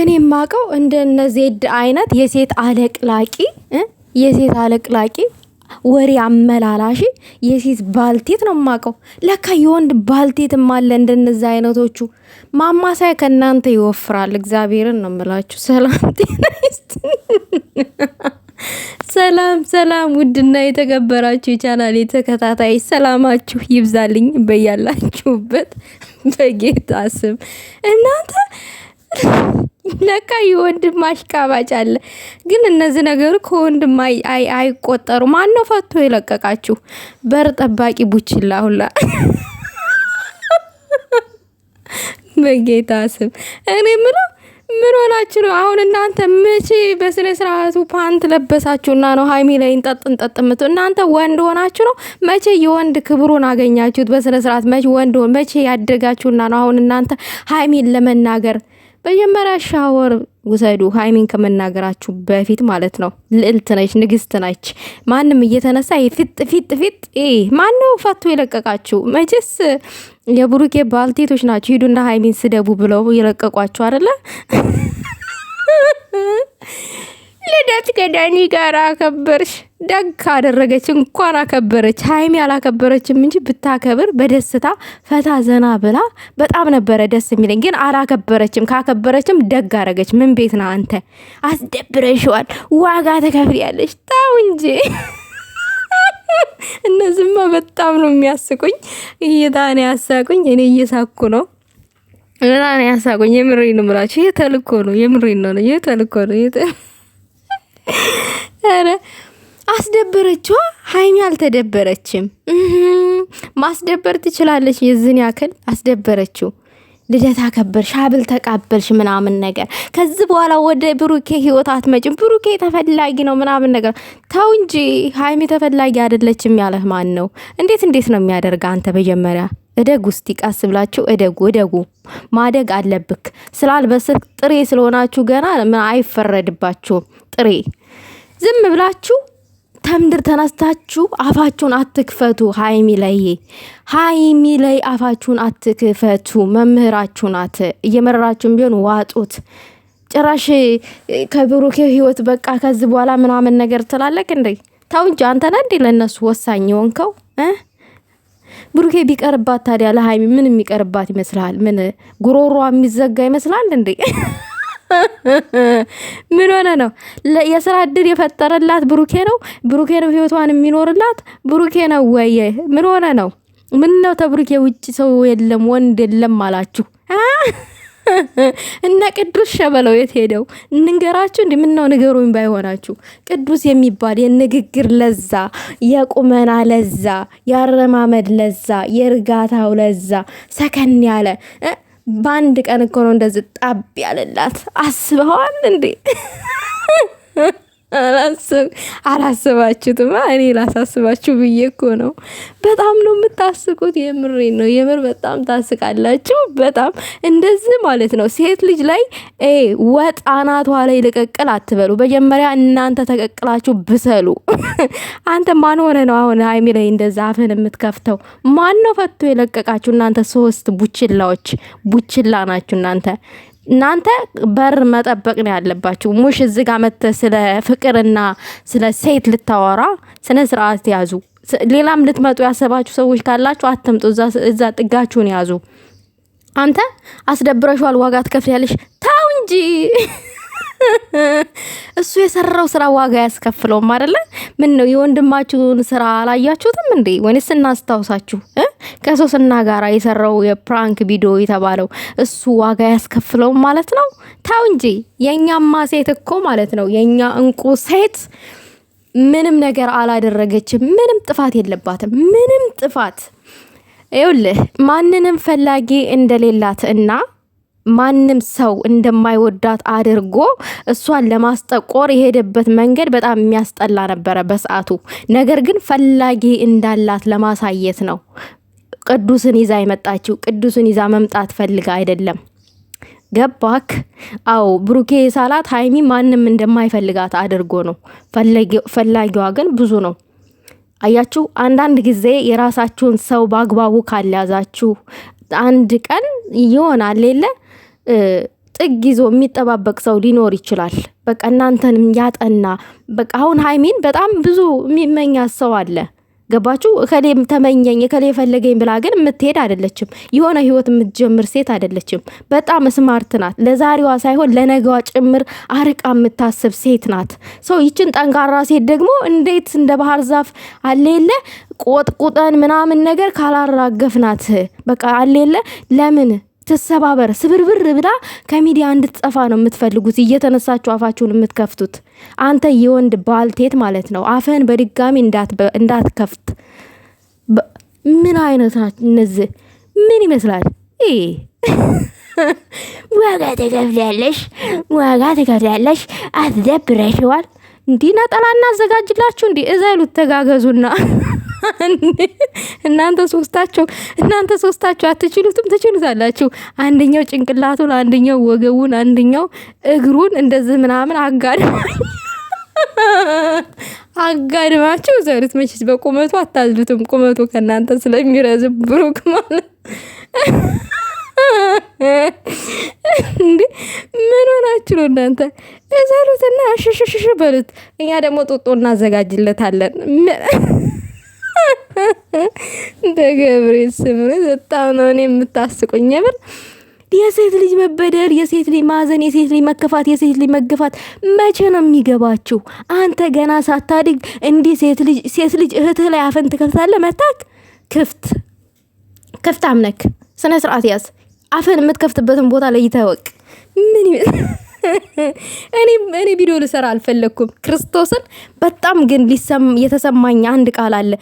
እኔ የማውቀው እንደነ ዜድ አይነት የሴት አለቅላቂ የሴት አለቅላቂ ወሬ አመላላሽ የሴት ባልቴት ነው የማውቀው። ለካ የወንድ ባልቴትም አለ። እንደነዚ አይነቶቹ ማማሳያ ከእናንተ ይወፍራል። እግዚአብሔርን ነው የምላችሁ። ሰላም ጤና ሰላም ሰላም፣ ውድና የተከበራችሁ የቻናል የተከታታይ ሰላማችሁ ይብዛልኝ በያላችሁበት በጌታ ስም እናንተ ለካ የወንድም አሽቃባጭ አለ። ግን እነዚህ ነገሩ ከወንድም አይቆጠሩ። ማን ነው ፈቶ የለቀቃችሁ? በር ጠባቂ ቡችላ ሁላ በጌታ ስም እኔ ምለው ምን ሆናችሁ ነው አሁን እናንተ? መቼ በስነ ስርዓቱ ፓንት ለበሳችሁና ነው ሀይሚ ላይ እንጠጥ እንጠጥ ምት እናንተ ወንድ ሆናችሁ ነው? መቼ የወንድ ክብሩን አገኛችሁት? በስነ ስርዓት መቼ ወንድ መቼ ያደጋችሁና ነው አሁን እናንተ ሀይሚን ለመናገር መጀመሪያ ሻወር ውሰዱ። ሀይሚን ከመናገራችሁ በፊት ማለት ነው። ልዕልት ነች፣ ንግስት ነች። ማንም እየተነሳ ፊጥ ፊጥ ፊጥ ነው ፋቶ የለቀቃችሁ? መቼስ የብሩኬ ባልቴቶች ናቸው። ሂዱና ሀይሚን ስደቡ ብለው የለቀቋችሁ አደለ ልደት ከዳኒ ጋር አከበርሽ። ደግ አደረገች፣ እንኳን አከበረች። ሀይሚ አላከበረችም እንጂ ብታከብር በደስታ ፈታ ዘና ብላ በጣም ነበረ ደስ የሚለኝ። ግን አላከበረችም። ካከበረችም ደግ አረገች። ምን ቤት ነው አንተ? አስደብረሽዋል። ዋጋ ተከፍያለሽ። ተው እንጂ እነዚህማ በጣም ነው የሚያስቁኝ። እየታን ያሳቁኝ። እኔ እየሳኩ ነው በጣም ያሳቁኝ። የምሬን ነው ምላቸው። ይህ ተልኮ ነው። ነው ነው። ይህ ተልኮ ነው። ኧረ አስደበረችዋ። ሀይሚ አልተደበረችም። ማስደበር ትችላለች። የዝን ያክል አስደበረችው። ልደት አከበርሽ፣ ሀብል ተቃበልሽ ምናምን ነገር። ከዚህ በኋላ ወደ ብሩኬ ህይወት አትመጭም፣ ብሩኬ ተፈላጊ ነው ምናምን ነገር። ተው እንጂ ሀይሚ ተፈላጊ አይደለችም ያለህ ማን ነው? እንዴት እንዴት ነው የሚያደርግ? አንተ መጀመሪያ እደግ ውስጥ ይቃስ ብላችሁ እደጉ፣ እደጉ። ማደግ አለብክ። ስላልበስክ ጥሬ ስለሆናችሁ ገና ምን አይፈረድባችሁም ጥሬ ዝም ብላችሁ ተምድር ተነስታችሁ አፋችሁን አትክፈቱ። ሀይሚ ላይ ሀይሚ ላይ አፋችሁን አትክፈቱ። መምህራችሁ ናት። እየመረራችሁን ቢሆን ዋጡት። ጭራሽ ከብሩኬ ህይወት በቃ ከዚህ በኋላ ምናምን ነገር ትላለክ እንዴ? ተው እንጂ አንተና እንዴ ለእነሱ ወሳኝ የሆንከው ብሩኬ ቢቀርባት ታዲያ ለሀይሚ ምን የሚቀርባት ይመስልሃል? ምን ጉሮሯ የሚዘጋ ይመስላል እንዴ? ምን ሆነ ነው? የስራ እድል የፈጠረላት ብሩኬ ነው? ብሩኬ ነው ህይወቷን የሚኖርላት ብሩኬ ነው ወይ? ምን ሆነ ነው? ምን ነው ተብሩኬ ውጭ ሰው የለም ወንድ የለም አላችሁ? እነ ቅዱስ ሸበለው የት ሄደው እንንገራችሁ? እንዲ ነው ንገሩኝ። ባይሆናችሁ ቅዱስ የሚባል የንግግር ለዛ፣ የቁመና ለዛ፣ የአረማመድ ለዛ፣ የእርጋታው ለዛ ሰከን ያለ በአንድ ቀን እኮ ነው እንደዚህ ጣብ ያለላት። አስበዋል እንዴ? አላሰባችሁትማ። እኔ ላሳስባችሁ ብዬ እኮ ነው። በጣም ነው የምታስቁት። የምሬ ነው። የምር በጣም ታስቃላችሁ። በጣም እንደዚህ ማለት ነው። ሴት ልጅ ላይ ወጥ አናቷ ላይ ልቀቅል አትበሉ። መጀመሪያ እናንተ ተቀቅላችሁ ብሰሉ። አንተ ማን ሆነ ነው አሁን ሀይሚ ላይ እንደዛ አፍን የምትከፍተው? ማን ነው ፈቶ የለቀቃችሁ? እናንተ ሶስት ቡችላዎች ቡችላ ናችሁ እናንተ። እናንተ በር መጠበቅ ነው ያለባችሁ። ሙሽ እዚህ ጋር መተ ስለ ፍቅርና ስለ ሴት ልታወራ ስነ ስርዓት ያዙ። ሌላም ልትመጡ ያሰባችሁ ሰዎች ካላችሁ አትምጡ፣ እዛ ጥጋችሁን ያዙ። አንተ አስደብረሽዋል፣ ዋጋ ትከፍያለሽ። ተው እንጂ እሱ የሰራው ስራ ዋጋ ያስከፍለውም አይደለ? ምን ነው የወንድማችሁን ስራ አላያችሁትም እንዴ? ወይንስ እናስታውሳችሁ ከሶስና ጋራ የሰራው የፕራንክ ቪዲዮ የተባለው እሱ ዋጋ ያስከፍለውም ማለት ነው። ታው እንጂ የእኛማ ሴት እኮ ማለት ነው የእኛ እንቁ ሴት ምንም ነገር አላደረገችም። ምንም ጥፋት የለባትም። ምንም ጥፋት ይውልህ ማንንም ፈላጊ እንደሌላት እና ማንም ሰው እንደማይወዳት አድርጎ እሷን ለማስጠቆር የሄደበት መንገድ በጣም የሚያስጠላ ነበረ በሰዓቱ። ነገር ግን ፈላጊ እንዳላት ለማሳየት ነው ቅዱስን ይዛ የመጣችው። ቅዱስን ይዛ መምጣት ፈልጋ አይደለም። ገባክ? አዎ ብሩኬ የሳላት ሀይሚ ማንም እንደማይፈልጋት አድርጎ ነው። ፈላጊዋ ግን ብዙ ነው። አያችሁ፣ አንዳንድ ጊዜ የራሳችሁን ሰው በአግባቡ ካልያዛችሁ አንድ ቀን ይሆናል ሌለ ጥግ ይዞ የሚጠባበቅ ሰው ሊኖር ይችላል። በቃ እናንተንም ያጠና በቃ አሁን ሀይሚን በጣም ብዙ የሚመኛት ሰው አለ። ገባችሁ? እከሌ ተመኘኝ እከሌ የፈለገኝ ብላ ግን የምትሄድ አይደለችም። የሆነ ህይወት የምትጀምር ሴት አይደለችም። በጣም ስማርት ናት። ለዛሬዋ ሳይሆን ለነገዋ ጭምር አርቃ የምታስብ ሴት ናት። ሰው ይችን ጠንካራ ሴት ደግሞ እንዴት እንደ ባህር ዛፍ አሌለ ቆጥቁጠን ምናምን ነገር ካላራገፍናት በቃ አሌለ ለምን ትሰባበር ስብርብር ብላ ከሚዲያ እንድትጠፋ ነው የምትፈልጉት፣ እየተነሳችሁ አፋችሁን የምትከፍቱት። አንተ የወንድ ባልቴት ማለት ነው። አፍህን በድጋሚ እንዳትከፍት። ምን አይነት ናቸው እነዚህ? ምን ይመስላል? ዋጋ ትከፍያለሽ፣ ዋጋ ትከፍያለሽ። አትደብረሽዋል እንዲህ ነጠላ እናዘጋጅላችሁ እንዲህ እዘሉት፣ ተጋገዙና እናንተ ሶስታቸው እናንተ ሶስታቸው አትችሉትም፣ ትችሉታላችሁ። አንደኛው ጭንቅላቱን፣ አንደኛው ወገቡን፣ አንደኛው እግሩን እንደዚህ ምናምን አጋድ አጋድማችሁ ዘሩት። መቼስ በቁመቱ አታዝሉትም፣ ቁመቱ ከእናንተ ስለሚረዝ ብሩክ ማለት እንዴ ምን ሆናችሁ ነው እናንተ? እዘሩትና ሽሽሽሽ በሉት። እኛ ደግሞ ጡጦ እናዘጋጅለታለን። በገብርኤል ስም በጣም ነው እኔ የምታስቁኝ ብር የሴት ልጅ መበደል፣ የሴት ልጅ ማዘን፣ የሴት ልጅ መከፋት፣ የሴት ልጅ መገፋት መቼ ነው የሚገባችሁ? አንተ ገና ሳታድግ እንዲህ ሴት ልጅ እህትህ ላይ አፈን ትከፍታለህ። መታክ ክፍት ክፍት አምነክ ስነ ስርዓት ያዝ። አፈን የምትከፍትበትን ቦታ ላይ ወቅ ምን ይመስል እኔ እኔ ቪዲዮ ልሰራ አልፈለግኩም። ክርስቶስን በጣም ግን የተሰማኝ አንድ ቃል አለ።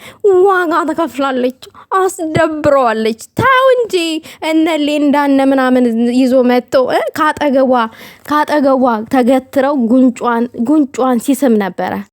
ዋጋ ተከፍላለች፣ አስደብረዋለች። ታው እንጂ እነ ሌንዳነ ምናምን ይዞ መጥቶ ካጠገቧ ካጠገቧ ተገትረው ጉንጯን ጉንጯን ሲስም ነበረ።